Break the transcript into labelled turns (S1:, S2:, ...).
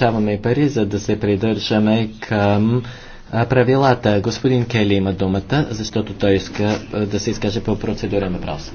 S1: даваме пари, за да се придържаме към правилата. Господин Кели има думата, защото той иска да се изкаже по процедура на въпрос.